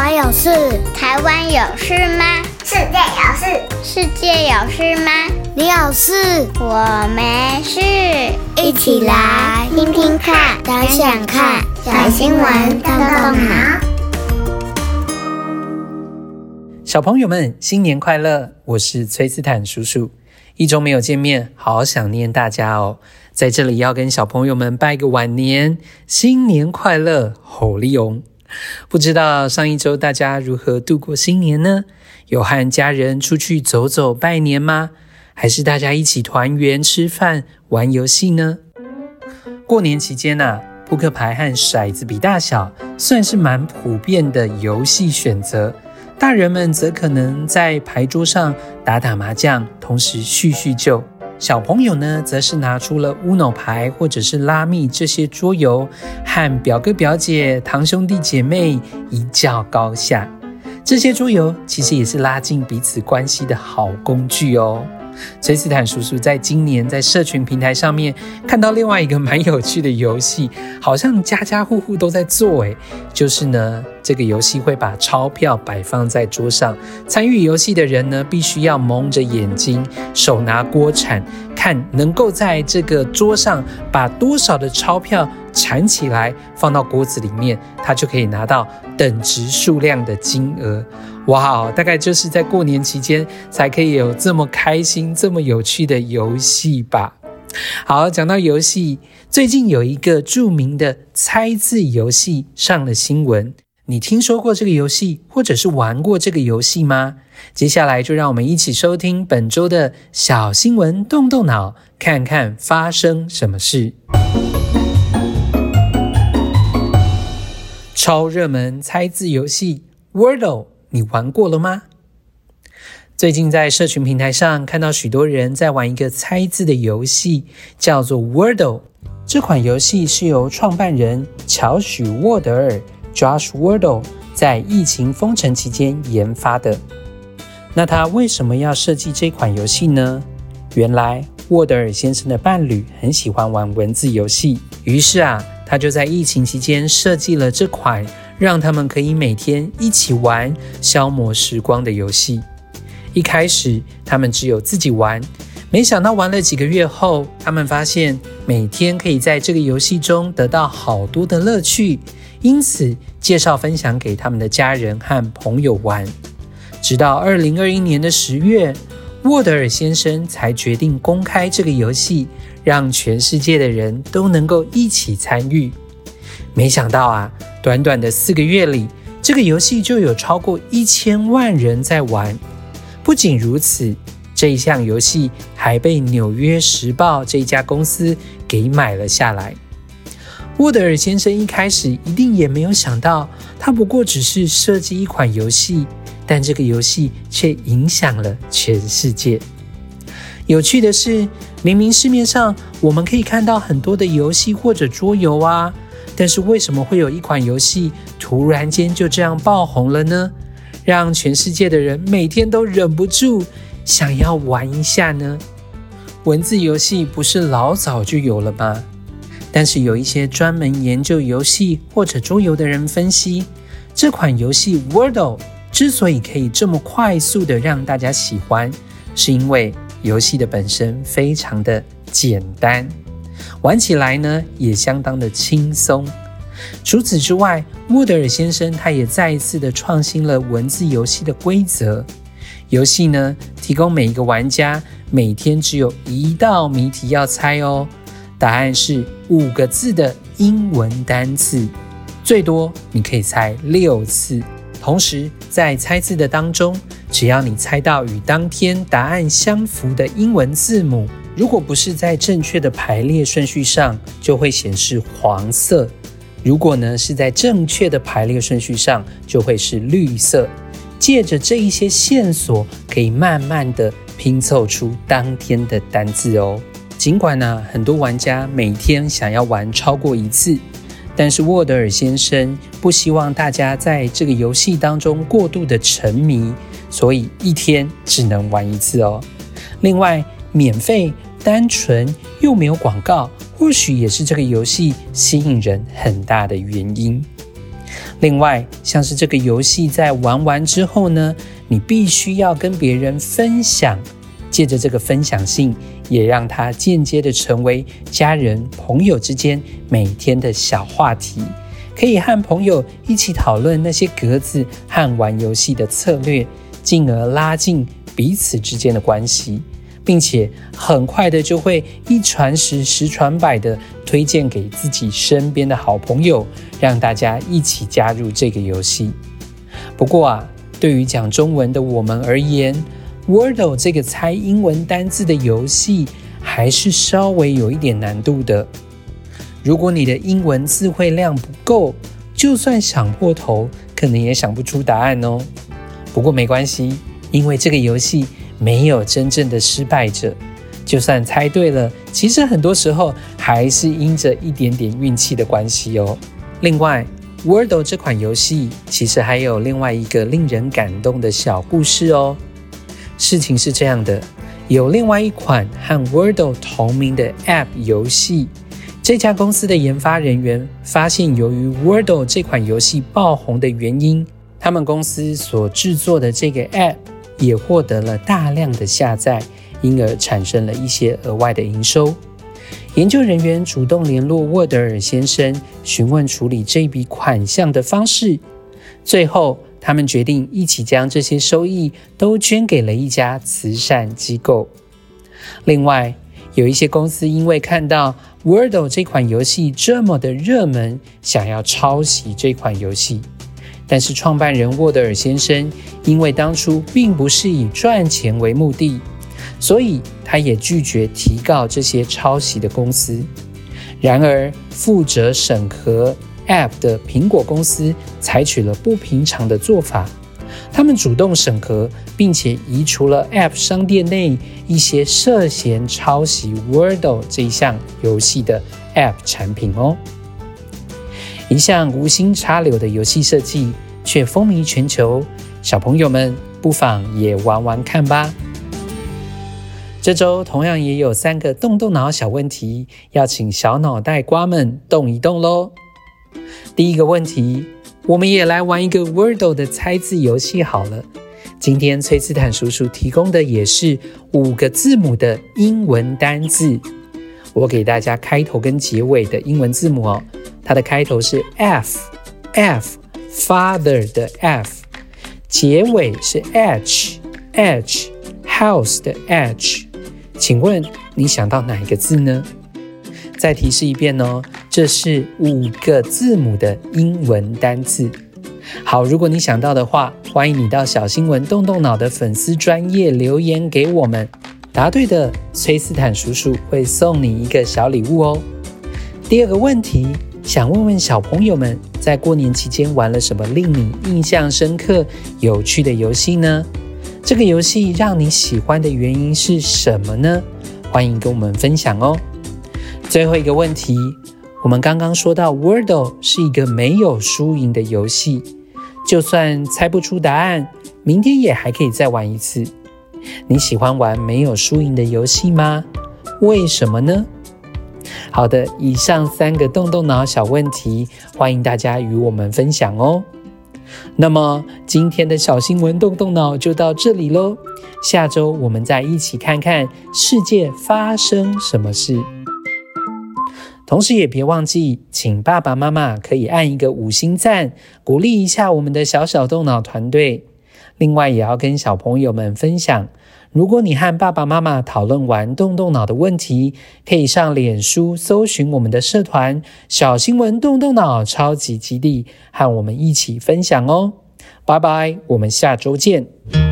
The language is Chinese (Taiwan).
我有事，台灣有事嗎？世界有事，世界有事嗎？你有事，我沒事。一起來聽聽看，想想看，小新聞動動腦。小朋友們新年快樂！我是崔斯坦叔叔，一周沒有見面，好想念大家哦。在這裡要跟小朋友們拜個晚年，新年快樂，吼力哦。不知道上一週大家如何度過新年呢？有和家人出去走走拜年嗎？還是大家一起團圓吃飯玩遊戲呢？過年期間啊，撲克牌和骰子比大小算是蠻普遍的遊戲選擇。大人們則可能在牌桌上打打麻將，同時敘敘舊。小朋友呢，則是拿出了 UNO 牌或者是拉密這些桌遊，和表哥表姐、堂兄弟姐妹一較高下。這些桌遊其實也是拉近彼此關係的好工具哦。崔斯坦叔叔在今年在社群平台上面看到另外一個蠻有趣的遊戲，好像家家戶戶都在做，誒，就是呢，這個遊戲會把鈔票擺放在桌上，參與遊戲的人呢，必須要蒙着眼睛，手拿鍋鏟，看能夠在這個桌上把多少的鈔票鏟起來放到鍋子裡面，他就可以拿到等值數量的金額。哇，wow, 大概就是在過年期間才可以有這麼開心、這麼有趣的遊戲吧。好，講到遊戲，最近有一個著名的猜字遊戲上了新聞，你聽說過這個遊戲，或者是玩過這個遊戲嗎？接下來就讓我們一起收聽本周的小新聞，動動腦，看看發生什麼事。超熱門猜字遊戲 Wordle。Word 你玩過了嗎？最近在社群平台上看到許多人在玩一個猜字的遊戲，叫做 Wordle。這款遊戲是由創辦人喬許·沃德爾 （Josh w o r d l e 在疫情封城期間研發的。那他為什麼要設計這款遊戲呢？原來沃德爾先生的伴侶很喜歡玩文字遊戲，於是啊，他就在疫情期間設計了這款。讓他們可以每天一起玩消磨時光的遊戲。一開始，他們只有自己玩，沒想到玩了幾個月後，他們發現每天可以在這個遊戲中得到好多的樂趣，因此介紹分享給他們的家人和朋友玩。直到二零二一年的十月，沃德爾先生才決定公開這個遊戲，讓全世界的人都能夠一起參與。沒想到啊，短短的四個月裡，這個遊戲就有超過一千萬人在玩。不僅如此，這一項遊戲還被《紐約時報》這家公司給買了下來。沃德爾先生一開始一定也沒有想到，他不過只是設計一款遊戲，但這個遊戲卻影響了全世界。有趣的是，明明市面上我們可以看到很多的遊戲或者桌遊啊。但是為什麼會有一款遊戲突然間就這樣爆紅了呢？讓全世界的人每天都忍不住想要玩一下呢？文字遊戲不是老早就有了嗎？但是有一些專門研究遊戲或者桌遊的人分析，這款遊戲 Wordle 之所以可以這麼快速的讓大家喜歡，是因為遊戲的本身非常的簡單。玩起來呢，也相當的輕鬆。除此之外，莫德爾先生他也再一次的創新了文字遊戲的規則。遊戲呢，提供每一個玩家每天只有一道謎題要猜哦。答案是五個字的英文單詞，最多你可以猜六次。同時，在猜字的當中，只要你猜到與當天答案相符的英文字母。如果不是在正確的排列順序上，就會顯示黃色；如果呢，是在正確的排列順序上，就會是綠色。借着這一些線索，可以慢慢地拼湊出當天的單字哦。盡管呢、啊、很多玩家每天想要玩超過一次，但是沃德爾先生不希望大家在這個遊戲當中過度的沉迷，所以一天只能玩一次哦。另外，免費。單純又沒有廣告，或許也是這個遊戲吸引人很大的原因。另外，像是這個遊戲在玩完之後呢，你必須要跟別人分享，借着這個分享性，也讓它間接的成為家人朋友之間每天的小話題，可以和朋友一起討論那些格子和玩遊戲的策略，進而拉近彼此之間的關係。並且很快的就會一傳十、十傳百的推薦給自己身邊的好朋友，讓大家一起加入這個遊戲。不過啊，對於講中文的我們而言，Wordle 這個猜英文單字的遊戲還是稍微有一點難度的。如果你的英文字彙量不夠，就算想破頭，可能也想不出答案哦。不過沒關係，因為這個遊戲。沒有真正的失敗者，就算猜對了，其實很多時候還是因着一點點運氣的關係哦。另外，Wordle 這款遊戲其實還有另外一個令人感動的小故事哦。事情是這樣的，有另外一款和 Wordle 同名的 App 遊戲，這家公司的研發人員發現，由於 Wordle 這款遊戲爆紅的原因，他們公司所製作的這個 App。也獲得了大量的下載，因而產生了一些額外的營收。研究人員主動聯絡沃德爾先生，詢問處理這筆款項的方式。最後，他們決定一起將這些收益都捐給了一家慈善機構。另外，有一些公司因為看到《Wordle》這款遊戲這麼的熱門，想要抄襲這款遊戲。但是創辦人沃德爾先生因為當初並不是以賺錢為目的，所以他也拒絕提告這些抄襲的公司。然而，負責審核 App 的蘋果公司採取了不平常的做法，他們主動審核並且移除了 App 商店內一些涉嫌抄襲 Wordle 這一項遊戲的 App 產品哦。一項無心插柳的遊戲設計，卻風靡全球。小朋友們不妨也玩玩看吧。這周同樣也有三個動動腦小問題，要請小腦袋瓜們動一動嘍。第一個問題，我們也來玩一個 Wordle 的猜字遊戲好了。今天崔斯坦叔叔提供的也是五個字母的英文單字，我給大家開頭跟結尾的英文字母哦。它的開頭是 F F father 的 F，結尾是 H H house 的 H。請問你想到哪一個字呢？再提示一遍哦，這是五個字母的英文單詞。好，如果你想到的話，歡迎你到小新聞動動腦的粉絲專頁留言給我們。答對的，崔斯坦叔叔會送你一個小禮物哦。第二個問題。想問問小朋友們，在過年期間玩了什麼令你印象深刻、有趣的遊戲呢？這個遊戲讓你喜歡的原因是什麼呢？歡迎跟我們分享哦。最後一個問題，我們剛剛說到 Wordle 是一個沒有輸贏的遊戲，就算猜不出答案，明天也還可以再玩一次。你喜歡玩沒有輸贏的遊戲嗎？為什麼呢？好的，以上三個動動腦小問題，歡迎大家與我們分享哦。那麼，今天的小新聞動動腦就到這裡嘍。下周我們再一起看看世界發生什麼事。同時也別忘記，請爸爸媽媽可以按一個五星讚，鼓勵一下我們的小小動腦團隊。另外，也要跟小朋友們分享：如果你和爸爸媽媽討論完動動腦的問題，可以上臉書搜尋我們的社團“小新聞動動腦超級基地”，和我們一起分享哦。拜拜，我們下周見。